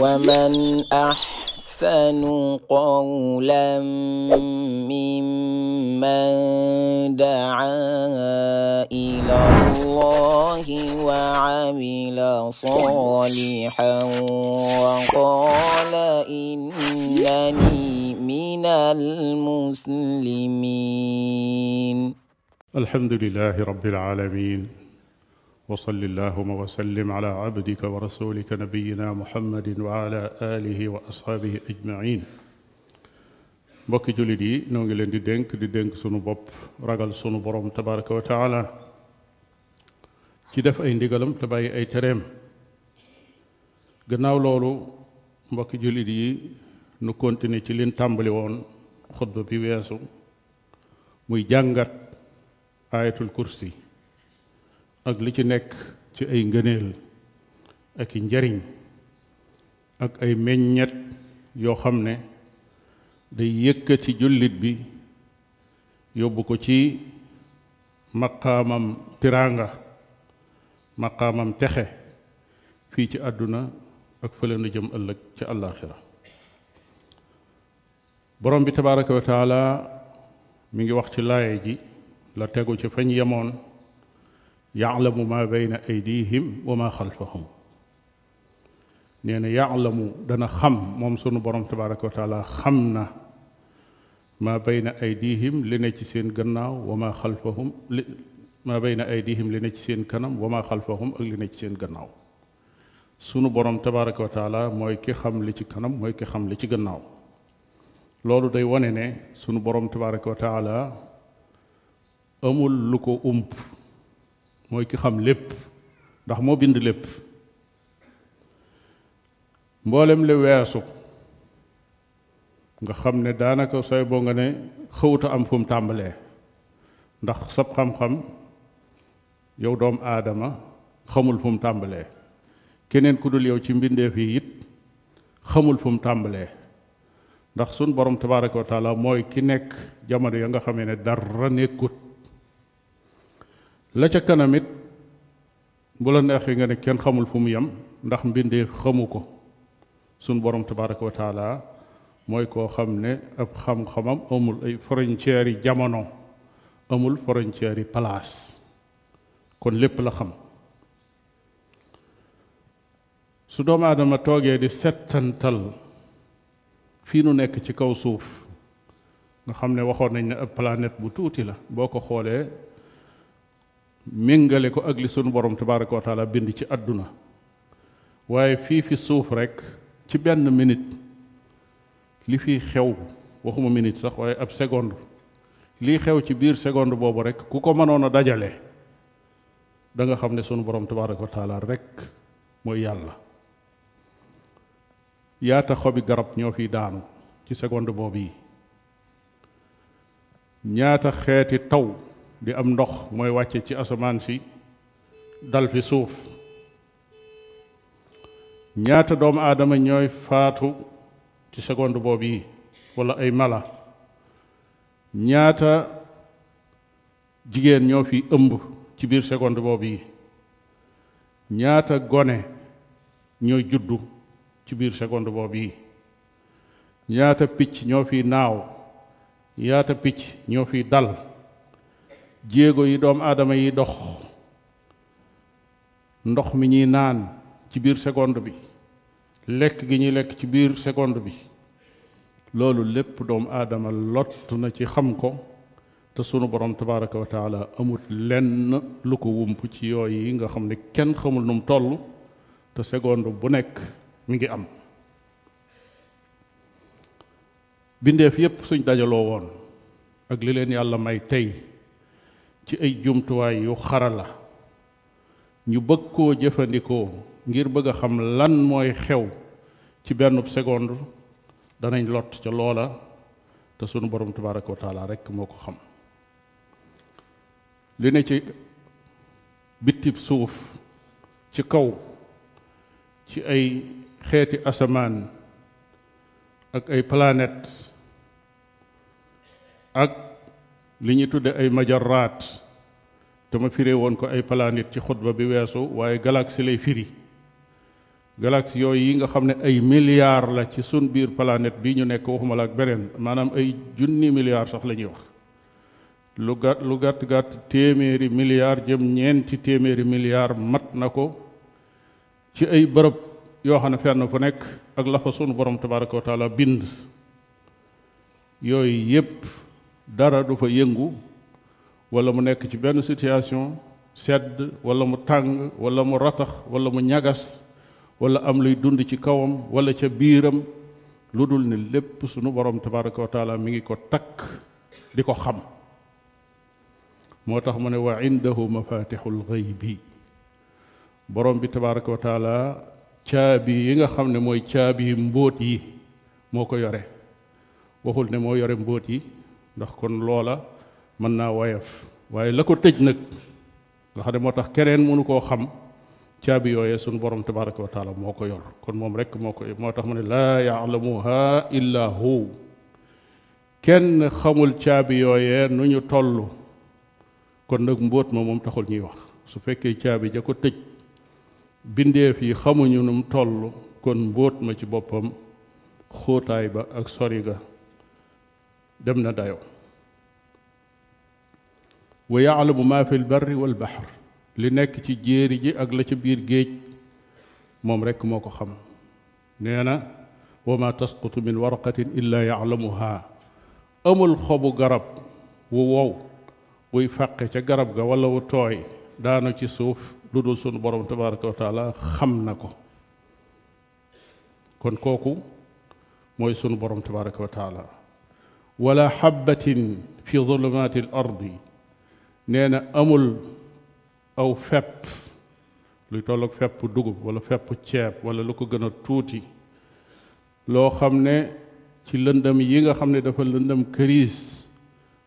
ومن أحسن قولا ممن دعا إلى الله وعمل صالحا وقال إنني من المسلمين الحمد لله رب العالمين وصل اللهم وسلم على عبدك ورسولك نبينا محمد وعلى آله وأصحابه أجمعين mbokki jullit yi noo ngi leen di dénk di dénk sunu bopp ragal sunu borom tabaraka wa taala ci def ay ndigalam te bàyyi ay tereem gannaaw loolu mbokki jullit yi nu continuer ci liñ tàmbali woon xutba bi weesu muy jàngat ayatul kursi ak li ci nekk ci ay ngëneel ak i njariñ ak ay meññet yoo xam ne day yëkkati jullit bi yóbbu ko ci maqaamam tiraanga maqaamam texe fii ci àdduna ak fële na jëm ëllëg ci àllaaxira borom bi tabaaraka wa taala mi ngi wax ci laaye ji la tegu ci fañ yemoon yaalamu ma bayna aydihim wa ma xalfahum nee na yaalamu dana xam moom sunu borom tabaraka wa taala xam na ma bayna aydihim li ne ci seen gannaaw wa ma xalfahum li ma bayna aydihim li ne ci seen kanam wa ma xalfahum ak li ne ci seen gannaaw sunu borom tabaraka wa taala mooy ki xam li ci kanam mooy ki xam li ci gannaaw loolu day wane ne sunu borom tabaraka wa taala amul lu ko ump mooy ki xam lépp ndax moo bind lépp mboolem li weesu nga xam ne daanaka sooy boo nga ne xawuta am fu mu tàmbalee ndax sab xam-xam yow doomu aadama xamul fu mu tàmbalee keneen ku dul yow ci mbindeef yi it xamul fu mu tàmbalee ndax sun borom tabaaraka wa taala mooy ki nekk jamono ya nga xamee ne dara nekkut la ca kanamit bu la neexee nga ne kenn xamul fu mu yem ndax mbindee xamu ko sunu borom tabaraka wa mooy koo xam ne ab xam-xamam amul ay frontières yi jamono amul frontières yi place kon lépp la xam su doomu aadama toogee di settantal fii nu nekk ci kaw suuf nga xam ne waxoon nañ ne ab planète bu tuuti la boo ko xoolee méngale ko ak li sunu borom tabaraka wa taala bind ci àdduna waaye fii fi suuf rek ci benn minit li fiy xew waxuma minit sax waaye ab segond lii xew ci biir segond boobu rek ku ko mënoon a dajale danga xam ne sunu borom tabaraka wa taala rek mooy yàlla yaata xobi garab ñoo fii daanu ci seconde boobu yi ñaata xeeti taw di am ndox mooy wàcce ci asamaan si dal fi suuf ñaata doomu aadama ñooy faatu ci seconde boobu yi walla ay mala ñaata jigéen ñoo fi ëmb ci biir seconde boobu yi ñaata gone ñooy juddu ci biir seconde boobu yi ñaata picc ñoo fi naaw ñaata picc ñoo fi dal jéego yi doom aadama yi dox ndox mi ñuy naan ci biir seconde bi lekk gi ñuy lekk ci biir seconde bi loolu lépp doomu aadama lott na ci xam ko te sunu borom tabaraka wa taala amut lenn lu ko wump ci yooyu yi nga xam ne kenn xamul nu mu te seconde bu nekk mi ngi am bindeef yépp suñ dajaloo woon ak li leen yàlla may tey ci ay jumtuwaay yu xarala ñu bëgg koo jëfandikoo ngir bëgg a xam lan mooy xew ci benn seconde danañ lott ca loola te sunu borom tabaraka wa rekk moo ko xam li ne ci bitib suuf ci kaw ci ay xeeti asamaan ak ay planètes ak li ñu tudde ay majaraat te ma firee woon ko ay palaanit ci xutba bi weesu waaye galaxie lay firi galaxie yooyu yi nga xam ne ay milliards la ci sun biir planète bii ñu nekk waxuma ak beneen maanaam ay junni milliards sax la ñuy wax lu gàtt lu gàtt gàtt téeméeri milliards jëm ñeenti téeméeri milliards mat na ko ci ay bërëb yoo xam ne fenn fu nekk ak la fa sunu borom tabaraka wa bind yooyu yépp dara du fa yëngu wala mu nekk ci benn situation sedd wala mu tàng walla mu ratax wala mu ñagas wala am luy dund ci kawam walla ca biiram lu dul ne lépp sunu borom tabaraka wa taala mi ngi ko takk di ko xam moo tax mu ne wa indahu mafatixul xaybi borom bi tabaraka wa taala caabi yi nga xam ne mooy caabi mbóot yi moo ko yore waxul ne moo yore mbóot yi ndax kon loola mën naa woyaf waaye la ko tëj nag nga xam ne moo tax keneen mënu koo xam caabi yooyee suñu borom tabaraka wa taala moo ko yor kon moom rek moo ko moo tax mu ne laa yaalamuha illa hu kenn xamul caabi yooyee nu ñu toll kon nag mbóot ma moom taxul ñuy wax su fekkee caabi ja ko tëj bindeef yi xamuñu nu mu toll kon mbóot ma ci boppam xóotaay ba ak sori ga dem na dayo wa yaalamu maa fi lbarri walbaxar li nekk ci jéeri ji ak la ca biir géej moom rekk moo ko xam nee na wa ma tasqutu min waraqatin illa yaalamuha amul xobu garab wu wow wuy fàqe ca garab ga wala wu tooy daanu ci suuf lu dul sunu borom tabaraka wa taala xam na ko kon kooku mooy sunu borom tabaraka wa taala wala xabbatin fi zulumaati l ardi nee na amul aw fepp luy tolloog fepp dugub wala fepp ceeb wala lu ko gën a tuuti loo xam ne ci lëndëm yi nga xam ne dafa lëndëm këriis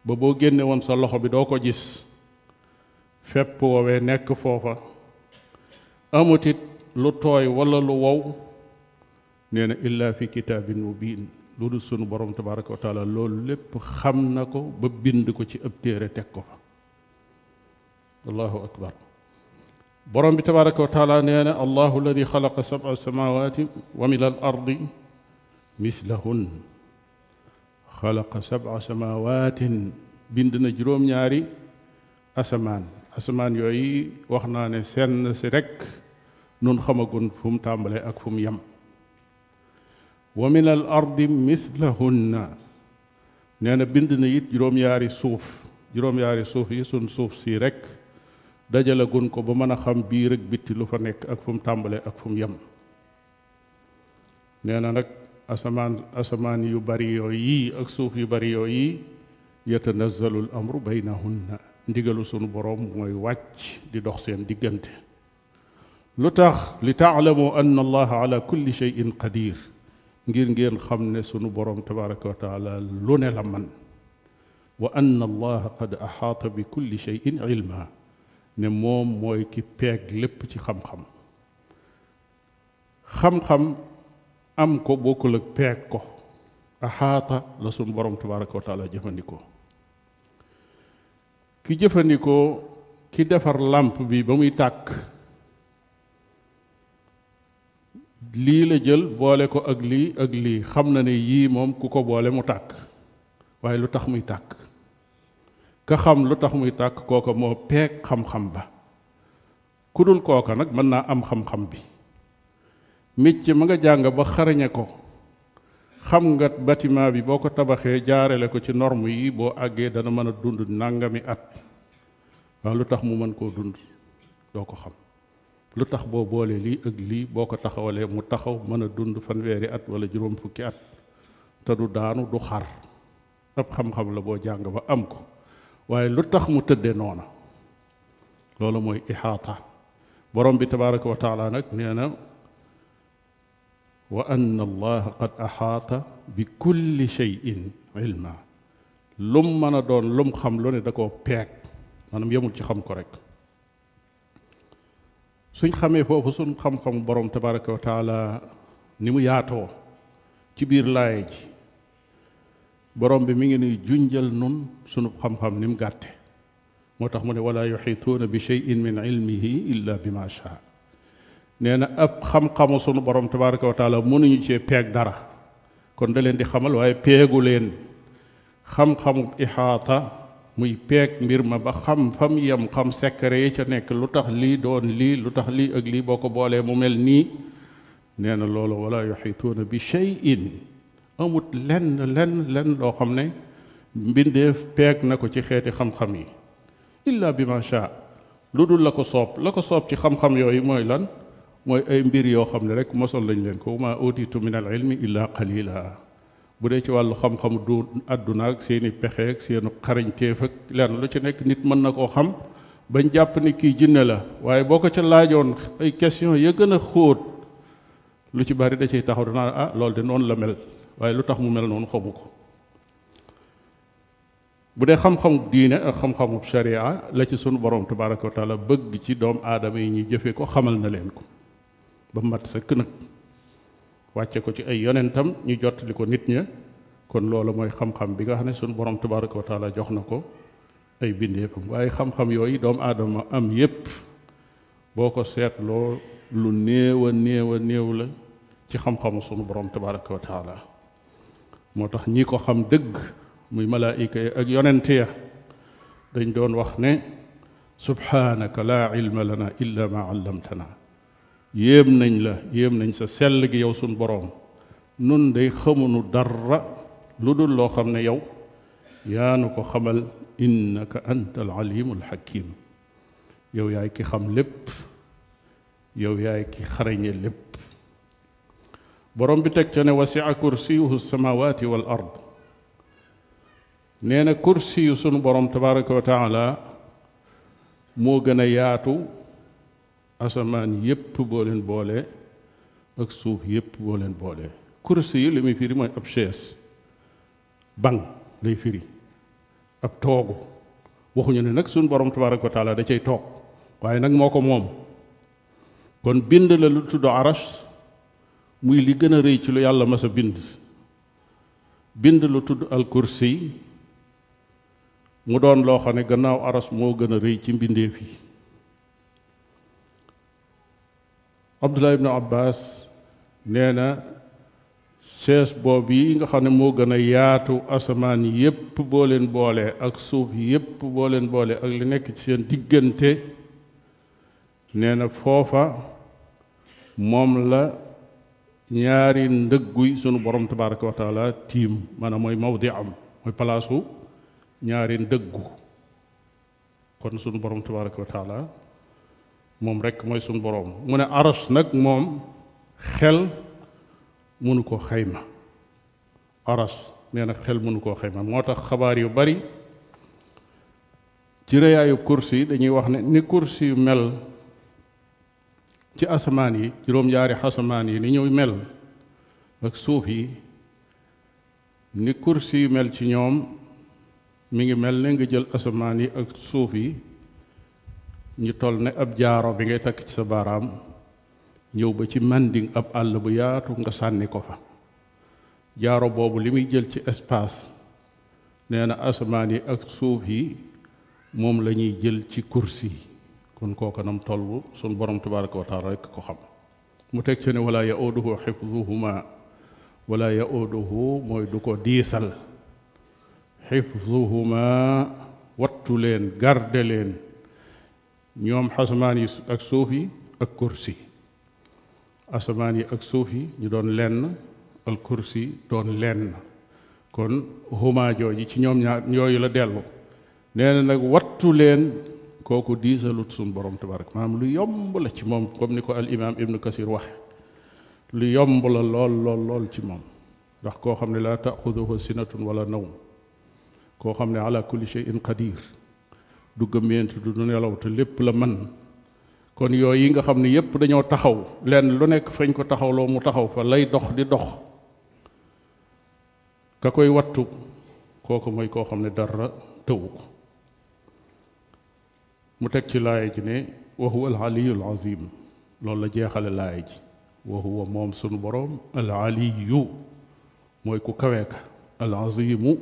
ba boo génne woon sa loxo bi doo ko gis fepp woowee nekk foofa amutit lu tooy walla lu wow nee na illa fi kitaabin mubin lu dul sunu borom tabaraka wa taala loolu lépp xam na ko ba bind ko ci ab teg ko fa allahu akbar borom bi tabaraka wa taala nee na allahu alladi xalaqa sab'a samawati wa min al mislahun xalaqa sab'a samawatin bind na juróom-ñaari asamaan asamaan yooyu wax naa ne senn si rekk nun xamagun fu mu ak fu mu yem wa min al ardi mislahunna nee na bind na it juróom-yaari suuf juróom-yaari suuf yi sun suuf sii rek dajalagun ko ba mën a xam bii ak bitti lu fa nekk ak fu mu tàmbalee ak fu mu yem nee na nag asamaan yu bari yooyu yii ak suuf yu bari yooyu yii yatanazzalu al amru baynahunna ndigalu sunu boroom mooy wàcc di dox seen diggante lu tax li taalamu anna allaha ala kulli shay'in qadir ngir ngeen xam ne sunu borom tabaraka wa taala lu ne la man wa anna allaha qad axaata bi kulli cheyin ilma ne moom mooy ki peeg lépp ci xam-xam xam-xam am ko bokkul ak peeg ko axaata la sunu borom tabaraka wa taala jëfandikoo ki jëfandikoo ki defar làmp bi ba muy tàkk lii la jël boole ko ak lii ak lii xam na ne yii moom ku ko boole mu tàkk waaye lu tax muy tàkk ka xam lu tax muy tàkk kooka moo peek xam-xam ba ku dul kooka nag mën naa am xam-xam bi métier ma nga jàng ba xarñe ko xam nga bâtiment bi boo ko tabaxee jaarale ko ci norme yi boo àggee dana mën a dund nangami at waaw lu tax mu mën koo dund doo ko xam lu tax boo boolee lii ak lii boo ko taxawalee mu taxaw mën a dund fanweeri at wala juróom fukki at te du daanu du xar ab xam-xam la boo jàng ba am ko waaye lu tax mu tëddee noona loolu mooy ihaata borom bi tabaraka wa taala nag nee na wa anna allaha qad ahaata bi kulli cheyin ilma lum mën a doon lum xam lu ne da koo peeg maanaam yemul ci xam ko rek suñ xamee foofu suñ xam-xam borom tabaraka wa taala ni mu yaatoo ci biir laaye ji borom bi mu ngi nuy junjal nun sunu xam-xam ni mu gàtte moo tax mu ne wala yuxiituuna bi cheyin min ilmihi illa bi ma shaa nee na ab xam-xamu sunu borom tabaraka wa taala mënuñu cee peeg dara kon da leen di xamal waaye peegu leen xam-xamu ixaata muy peek mbir ma ba xam fam yem xam secret yi ca nekk lu tax lii doon lii lu tax lii ak lii boo ko boolee mu mel nii nee na loolu wala yuxituuna bi shay'in amut lenn lenn lenn loo xam ne mbindeef peeg na ko ci xeeti xam-xam yi illa bi ma sha lu dul la ko soob la ko soob ci xam-xam yooyu mooy lan mooy ay mbir yoo xam ne rek mosol lañ leen ko ma utitu min al ilmi illa qalila bu dee ci wàllu xam-xam du àdduna ak seen i pexe ak seen xarañteef ak lenn lu ci nekk nit mën na koo xam bañ jàpp ni kii jinne la waaye boo ko ci laajoon ay question ya gën a xóot lu ci bari da ciy taxaw danaa ah loolu de noonu la mel waaye lu tax mu mel noonu xamu ko bu dee xam-xamu diine ak xam-xamu sharia la ci sunu borom tabaraka wa taala bëgg ci doom aadama yi ñuy jëfee ko xamal na leen ko ba mat sëkk nag wàcce ko ci ay yonentam ñu jottali ko nit ña kon loolu mooy xam-xam bi nga xam ne suñu borom tabaraka jox na ko ay bindeefam waaye xam yooyu doomu aadama am yépp boo ko seetloo lu néew a néew la ci xam-xamu sunu borom tabaraka wa taala moo tax ñii ko xam dëgg muy malaayika yi ak yonent ya dañ doon wax ne subhanaka laa ilma lana illa ma allamtana yéem nañ la yéem nañ sa sell gi yow suñ boroom nun day xamunu dara lu dul loo xam ne yow yaa nu ko xamal innaka anta al alimul hakim yow yaay ki xam lépp yow yaay ki xarañe lépp borom bi teg ca ne wasia kursiyuhu samawati wal ard nee na kursi yu sunu borom tabaraka wa taala moo gën a yaatu asamaan yépp boo leen boole ak suuf yépp boo leen boole kursi yi li muy firi mooy ab chaise banc lay firi ab toogu waxuñu ne nag suñ borom tabaaraka wa taala da cay toog waaye nag moo ko moom kon bind la lu tudd arash muy li gën a rëy ci lu yàlla mas a bind bind lu tudd al kursi mu doon loo xam ne gannaaw aras moo gën a rëy ci mbindeef yi Abdullah ibn Abbas nee na chaise boobu yi nga xam ne moo gën a yaatu asamaan yépp boo boole ak suuf yépp boo leen boole ak li nekk ci seen diggante nee na foofa moom la ñaari ndëggu sunu borom tabaraka wa taala tiim maanaam mooy mawdi am mooy palaasu ñaari ndëggu kon sunu borom tabaraka wa moom rekk mooy suñu boroom mu ne aras nag moom xel mënu koo xayma aras nee na xel mënu koo xayma moo tax xabaar yu bari ci rëyaayu kursi dañuy wax ne ni kursi yu mel ci asamaan yi juróom-ñaari asamaan yi ni ñuy mel ak suuf yi ni kursi yu mel ci ñoom mu ngi mel ne nga jël asamaan yi ak suuf yi ñu toll ne ab jaaro bi ngay takk ci sa baaraam ñëw ba ci manding ab àll bu yaatu nga sànni ko fa jaaro boobu li muy jël ci espace nee na asamaan yi ak suuf yi moom la ñuy jël ci kursi kon kooka nam toll bu sun borom tabaraka wa taala rekk ko xam mu teg ci ne wala yauduhu xifduhuma wala yauduhu mooy du ko diisal xifduhuma wattu leen garde leen ñoom asamaan yi ak suuf yi ak kursi asamaan yi ak suuf yi ñu doon lenn al kursi doon lenn kon huma jooji ci ñoom ñaar yi la dellu nee nag wattu leen kooku diisalut suñ borom tabarak maanaam lu yomb la ci moom comme ni ko al imaam ibnu kasir waxe lu yomb la lool lool lool ci moom ndax koo xam ne laa taxuduhu sinatun walla nawm koo xam ne ala kulli shay'in qadir du gëmmeent du nelaw lépp la man kon yooy yi nga xam ni yépp dañoo taxaw len lu nekk fañ ko taxawloo mu taxaw fa lay dox di dox ka koy wattu kooku mooy koo xam ne dara tëwu ko mu teg ci laaya ji ne wa huwa aliyul loolu la jeexale laaya ji wa moom sunu boroom al aliyu ku kawe ka al azimu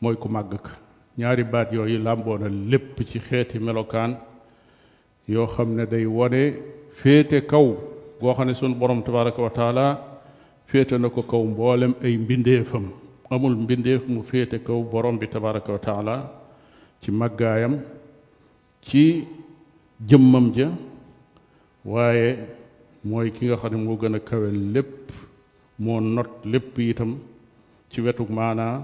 mooy ku màgg ka ñaari baat yooyu làmboo na lépp ci xeeti melokaan yoo xam ne day wane féete kaw goo xam ne sunu borom tabaraka wa taala féete na ko kaw mboolem ay mbindeefam amul mbindeef mu féete kaw borom bi tabaraka wa taala ci màggaayam ci jëmmam ja waaye mooy ki nga xam ne moo gën a kawe lépp moo not lépp itam ci wetu maanaa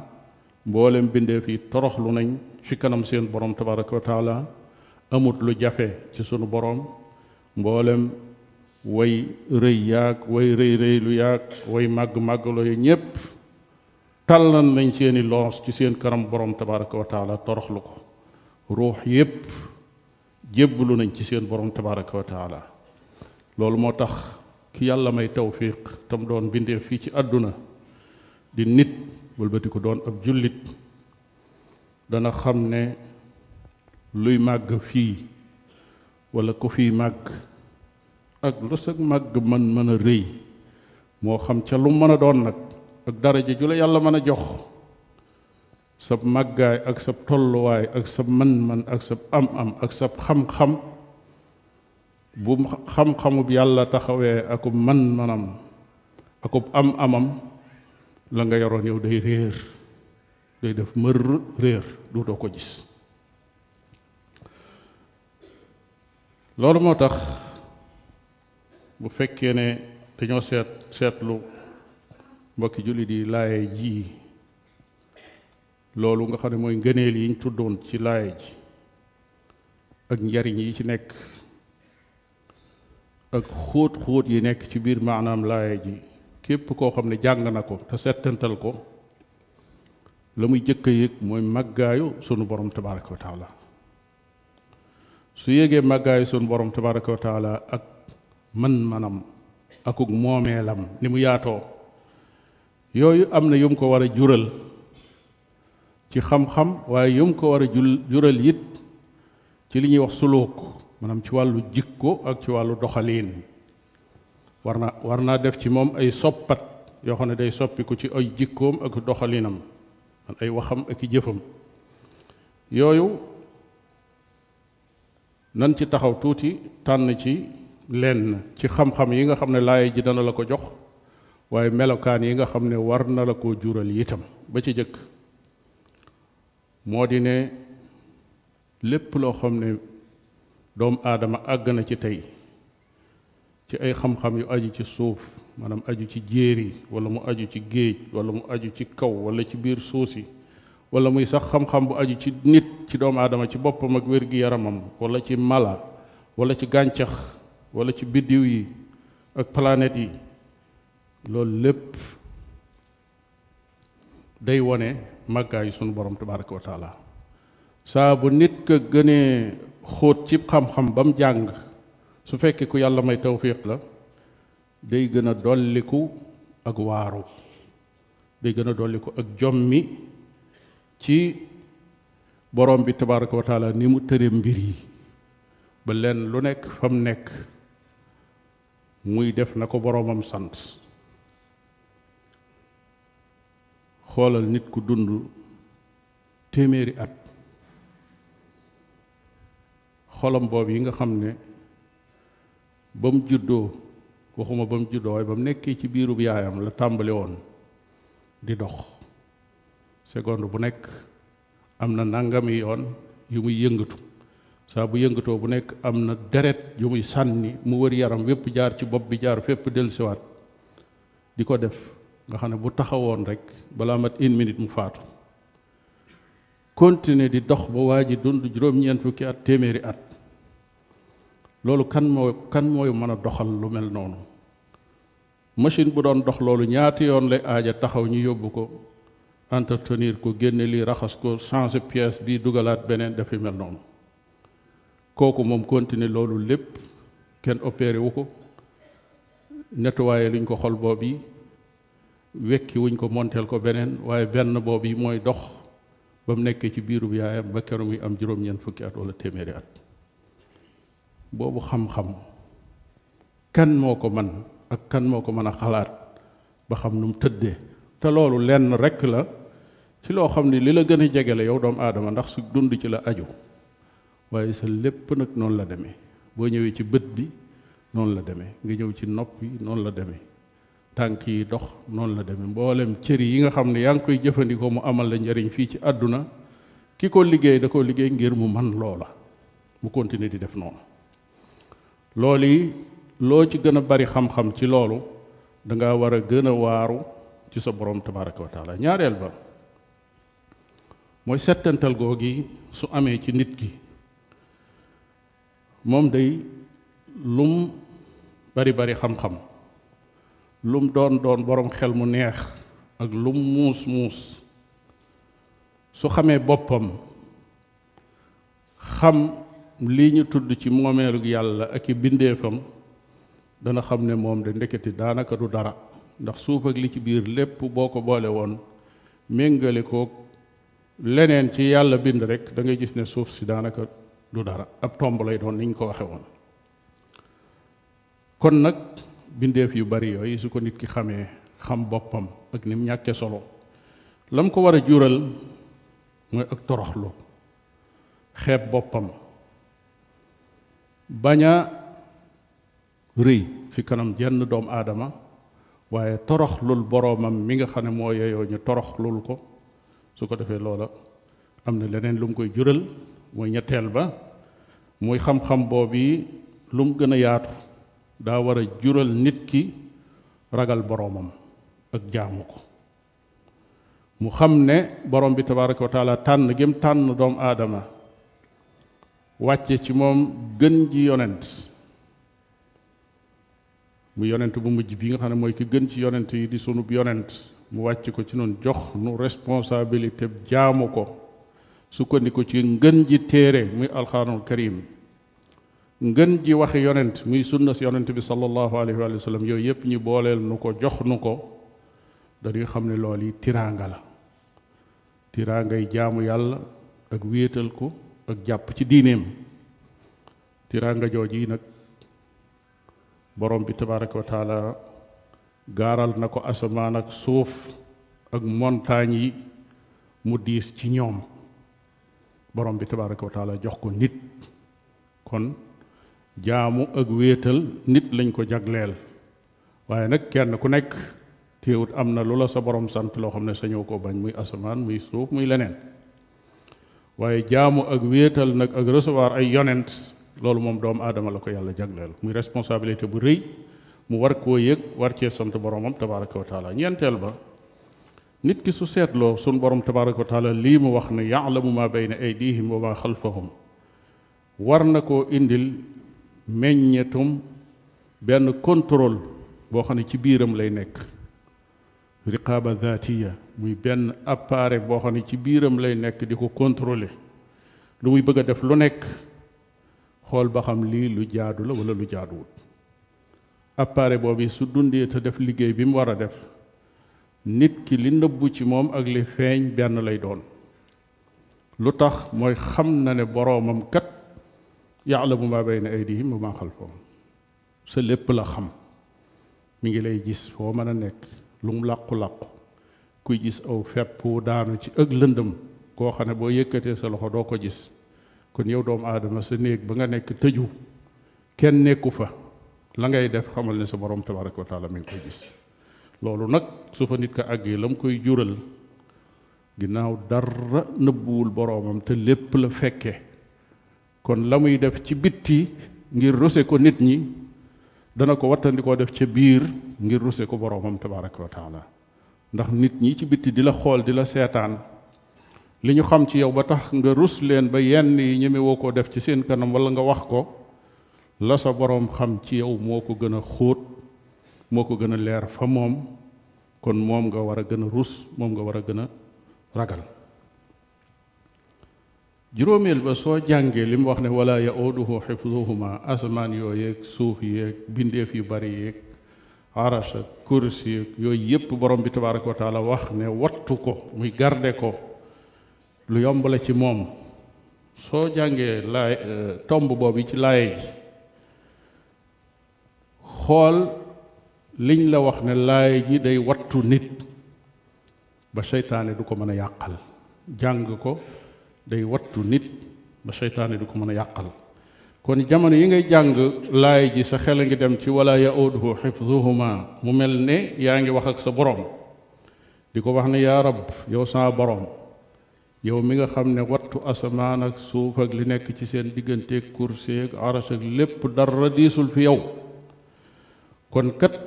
mboolem bindeef yi toroxlu nañ ci kanam seen boroom tabaraka wa amut lu jafe ci sunu boroom mboolem way rëy yaag way rëy rëy lu yaag way màgg màggaloo yi ñépp tàllal nañ seeni loos ci seen kanam boroom tabaraka wa toroxlu ko ruux yépp jébbalu nañ ci seen boroom tabaraka loolu moo tax ki yàlla may tawfiq tam doon bindeef fii ci àdduna di nit wëlbati doon ab jullit dana xam ne luy màgg fii wala ko fiy màgg ak lu sag màgg man mën a rëy moo xam ca lu mën a doon nag ak daraja ju la yàlla mën a jox sab màggaay ak sab tolluwaay ak sab man mën ak sab am-am ak sab xam-xam bu xam-xamub yàlla taxawee akub mën-mënam akub am-amam la nga yoroon yow day réer day def mër réer dootoo ko gis loolu moo tax bu fekkee ne dañoo seet seetlu mbokki jullit yi laaye ji loolu nga xam ne mooy ngëneel yiñ tuddoon ci laaye ak njariñ yi ci nekk ak xóot xóot yi nekk ci biir maanaam laaye ji képp koo xam ne jàng na ko te settantal ko la muy jëkk a yëg mooy màggaayu sunu borom tabaraka wa taala su yégee màggaayu sunu borom tabaraka wa taala ak man-manam akuk moomeelam li mu yaatoo yooyu am na yum ko war a jural ci xam-xam waaye yum ko war a jul jural yit ci li ñuy wax suluuk maanaam ci wàllu jikko ak ci wàllu doxaliin war na war naa def ci moom ay soppat yoo xam ne day soppiku ci ay jikkoom ak doxalinam man ay waxam ak i jëfam yooyu nan ci taxaw tuuti tànn ci lenn ci xam-xam yi nga xam ne laay ji dana la ko jox waaye melokaan yi nga xam ne war na la ko jural itam ba ci jëkk moo di ne lépp loo xam ne doomu aadama àgg na ci tey ci ay xam-xam yu aju ci suuf maanaam aju ci jéer yi wala mu aju ci géej wala mu aju ci kaw wala ci biir suuf si wala muy sax xam-xam bu aju ci nit ci doomu aadama ci boppam ak wér-gi-yaramam walla ci mala wala ci gàncax wala ci biddiw yi ak planètes yi loolu lépp day wone màggaayu sunu borom tabaraka wa saa bu nit ka gënee xóot ci xam-xam ba mu jàng su fekkee ku yàlla may tawfiq la day gën a dolliku ak waaru day gën a dolliku ak jommi ci boroom bi tabaraka wa taala ni mu tëre mbir yi ba leen lu nekk fam nekk muy def na ko boroomam sant xoolal nit ku dund téeméeri at xolam boobu yi nga xam ne ba mu juddoo waxuma ba mu juddoo waaye ba mu nekkee ci biirub yaayam la tàmbali woon di dox seconde bu nekk am na nangami yoon yu muy yëngatu saa bu yëngatoo bu nekk am na deret yu muy sànni mu wër yaram wépp jaar ci bopp bi jaar fépp dellusiwaat di ko def nga xam ne bu taxawoon rek balaa mat une minute mu faatu continuer di dox ba waa ji dund juróom-ñeent fukki at téeméeri at loolu kan moo kan mooy mën a doxal lu mel noonu machine bu doon dox loolu ñaati yoon lay aaja taxaw ñu yóbbu ko entretenir ko génne lii raxas ko changer pièce bii dugalaat beneen dafa mel noonu kooku moom continuer loolu lépp kenn opéré wu ko nettoyé luñ ko xol boobu yi wekki wuñ ko monteel ko beneen waaye benn boob yi mooy dox ba mu nekkee ci biiru bi yaayam ba keroog muy am juróom-ñeent fukki at wala téeméeri at boobu xam-xam kan moo ko man ak kan moo ko mën a xalaat ba xam nu mu tëddee te loolu lenn rekk la ci loo xam ni li la gën a jegele yow doomu aadama ndax su dund ci la aju waaye sa lépp nag noonu la demee boo ñëwee ci bët bi noonu la demee nga ñëw ci nopp yi noonu la demee tànk yi dox noonu la demee mboolem cër yi nga xam ne yaa ngi koy jëfandikoo mu amal la njariñ fii ci àdduna ki ko liggéey da ko liggéey ngir mu man loola mu continuer di def noonu loolu yi loo ci gën a bari xam-xam ci loolu da nga war a gën a waaru ci sa borom tabaraka wa taala ñaareel ba mooy settantal googi su amee ci nit ki moom dey lum bari bari xam-xam lum doon doon borom xel mu neex ak lum muus muus su xamee boppam xam lii ñu tudd ci moomeelug yàlla ak i bindeefam dana xam ne moom de ndeketi daanaka du dara ndax suuf ak li ci biir lépp boo ko boole woon méngale ko leneen ci yàlla bind rek da ngay gis ne suuf si daanaka du dara ab tomb lay doon ni ko waxe woon kon nag bindeef yu bari yooyu su ko nit ki xamee xam boppam ak ni mu ñàkke solo lam ko war a jural mooy ak toroxlu xeeb boppam bañ a rëy fi kanam jenn doomu aadama waaye torox boroomam mi nga xam ne moo yeyoo ñu torox lul ko su ko defee loola am na leneen lum koy jural mooy ñetteel ba muy xam-xam boobu lu mu gën a yaatu daa war a jural nit ki ragal boroomam ak jaamu ko mu xam ne borom bi tabaraka wa taala tànn gim tànn doomu aadama wàcce ci moom gën ji yonent mu yonent bu mujj bi nga xam ne mooy ki gën ci yonent yi di sunub yonent mu wàcc ko ci noonu jox nu responsabilité jaamu ko sukkandiku ci ngën ji téere muy alxaanul karim ngën ji waxi yonent muy sunna yonent bi sallallahu alayhi wa yooyu yëpp ñu booleel nu ko jox nu ko dañuy xam ne loolu yi tiraanga la tiraangay jaamu yàlla ak wéetal ko ak jàpp ci diineem tiraanga jooj yi nag borom bi tabaraka gaaral na ko asamaan ak suuf ak montagne yi mu diis ci ñoom borom bi tabaraka jox ko nit kon jaamu ak wéetal nit lañ ko jagleel waaye nag kenn ku nekk téewut am na lu la sa borom sant loo xam ne sañoo koo bañ muy asamaan muy suuf muy leneen waaye jaamu ak wéetal nag ak recevoir ay yonent loolu moom doomu aadama la ko yàlla jagleel muy responsabilité bu rëy mu war koo yëg war cee sant boromam tabaraka wa taala ñeenteel ba nit ki su seetloo sun borom tabaraka wa lii mu wax ne yaalamu ma ay aydihim wa ma xalfahum war na koo indil meññetum benn contrôle boo xam ne ci biiram lay nekk riqaaba zaatiya muy benn appareil boo xam ne ci biiram lay nekk di ko contrôler lu muy bëgg a def lu nekk xool ba xam lii lu jaadu la wala lu jaaduwut appareil boobu su dundee te def liggéey bi mu war a def nit ki li nëbbu ci moom ak li feeñ benn lay doon lu tax mooy xam na ne boroomam kat ya'lamu maa bayna aydihim wa maa xalfahum sa lépp la xam mu ngi lay gis foo mën a nekk lu mu làqu-làqu kuy gis aw fepp daanu ci ëg lëndëm koo xam ne boo yékkatee sa loxo doo ko gis kon yow doomu aadama sa néeg ba nga nekk tëju kenn nekku fa la ngay def xamal ne sa borom tabaraka wa taala mi koy gis loolu nag su fa nit ka àggee la koy jural ginnaaw dara nëbbuwul boroomam te lépp la fekke kon la muy def ci bitti ngir rose ko nit ñi dana ko wattandikoo def ca biir ngir ruse ko boroomam tabaraka wa taala ndax nit ñi ci bitti di la xool di la seetaan li ñu xam ci yow ba tax nga rus leen ba yenn yi ñeme woo koo def ci seen kanam walla nga wax ko la sa boroom xam ci yow moo ko gën a xóot moo ko gën a leer fa moom kon moom nga war a gën a rus moom nga war a gën a ragal juróomeel ba soo jàngee li mu wax ne wala yaoduhu xifduhuma asamaan yoo yeeg suuf yeeg bindeef yu bari yeeg arash ak yooyu yépp borom bi tabaraka wa wax ne wattu ko muy garde ko lu yomb la ci moom soo jàngee laay euh, tomb boobu ci laaye ji xool liñ la wax ne laaye ji day wattu nit ba seytaane du ko mën a yàqal jàng ko day wattu nit ba seytaane du ko mën a yàqal kon jamono yi ngay jàng laay ji sa xel a ngi dem ci walla yauduhu xifduhuma mu mel ne yaa ngi wax ak sa boroom di ko wax ne yaa rab yow saa boroom yow mi nga xam ne wattu asamaan ak suuf ak li nekk ci seen digganteek kursi ak aras ak lépp dara diisul fi yow kon kat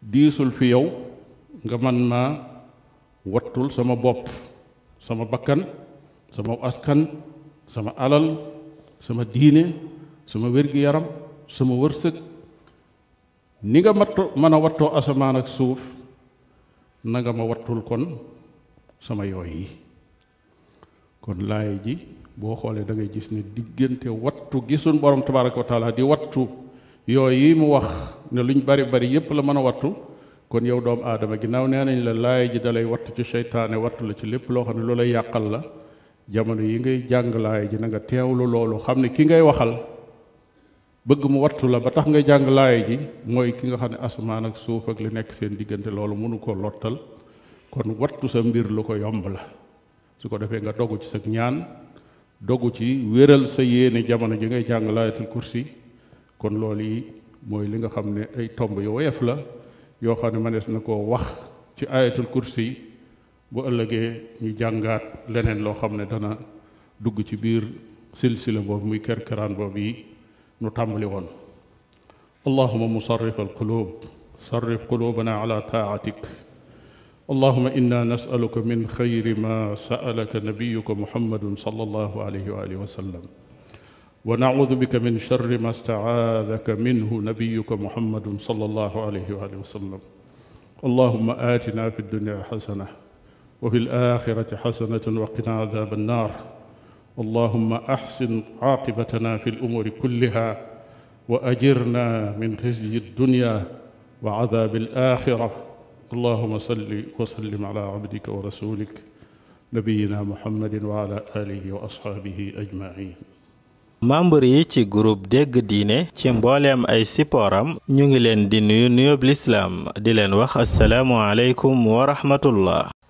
diisul fi yow nga man ma wattul sama bopp sama bakkan sama askan sama alal sama diine sama wér-gi-yaram sama wërsëg ni nga mat mën a wattoo asamaan ak suuf na nga ma wattul kon sama yooy yi kon laay ji boo xoolee da ngay gis ni diggante wattu gisuñ borom tabaraka wa di wattu yooyu yi mu wax ne luñ bari bari yépp la mën a wattu kon yow doomu aadama ginnaaw nee nañ la laay ji dalay wattu ci seytaane wattu la ci lépp loo xam ne lu lay yàqal la jamono yi ngay jàng laaya ji na nga teewlu loolu xam ne ki ngay waxal bëgg mu wattu la ba tax ngay jàng laaya ji mooy ki nga xam ne asamaan ak suuf ak li nekk seen diggante loolu mënu koo lottal kon wattu sa mbir lu ko yomb la su ko defee nga dogu ci sa ñaan dogu ci wéral sa yéene jamono ji ngay jàng laayatul kursi kon loolu yi mooy li nga xam ne ay tomb yu woyof la yoo xam ne mënees na koo wax ci ayatul kursi bu ëllëgee ñu jàngaat leneen loo xam ne dana dugg ci biir silsila boobu muy kër-këraan boobu yi nu tàmbali woon allahuma musarrif alqulub sarrif qulubana ala taatik allahuma inna nasaluka min xayri ma saalaka nabiyuka muhammadun sallallahu alayhi wa alihi wa sallam wa naudu bika min charri ma stacaadaka minhu nabiyuka muhammadun sallallahu alayhi wa alihi wa sallam allahuma atina fi dunia xasana wa fi alaaxirati xasanatan wa qina adaaba annaar allahuma axsin caaqibatana fi alumuuri kulliha wa ajirna min xisyi addunya wa adaabi alaaxira allahuma salli wa sallim ala abdika wa rasulik nabiyina muhammadin wa ala alihi wa ashaabihi ajmain membre yi ci groupe dégg diine ci mbooleem ay sipooram ñu ngi leen di nuyu nuyub lislaam di leen wax assalaamu aleykum wa rahmatullah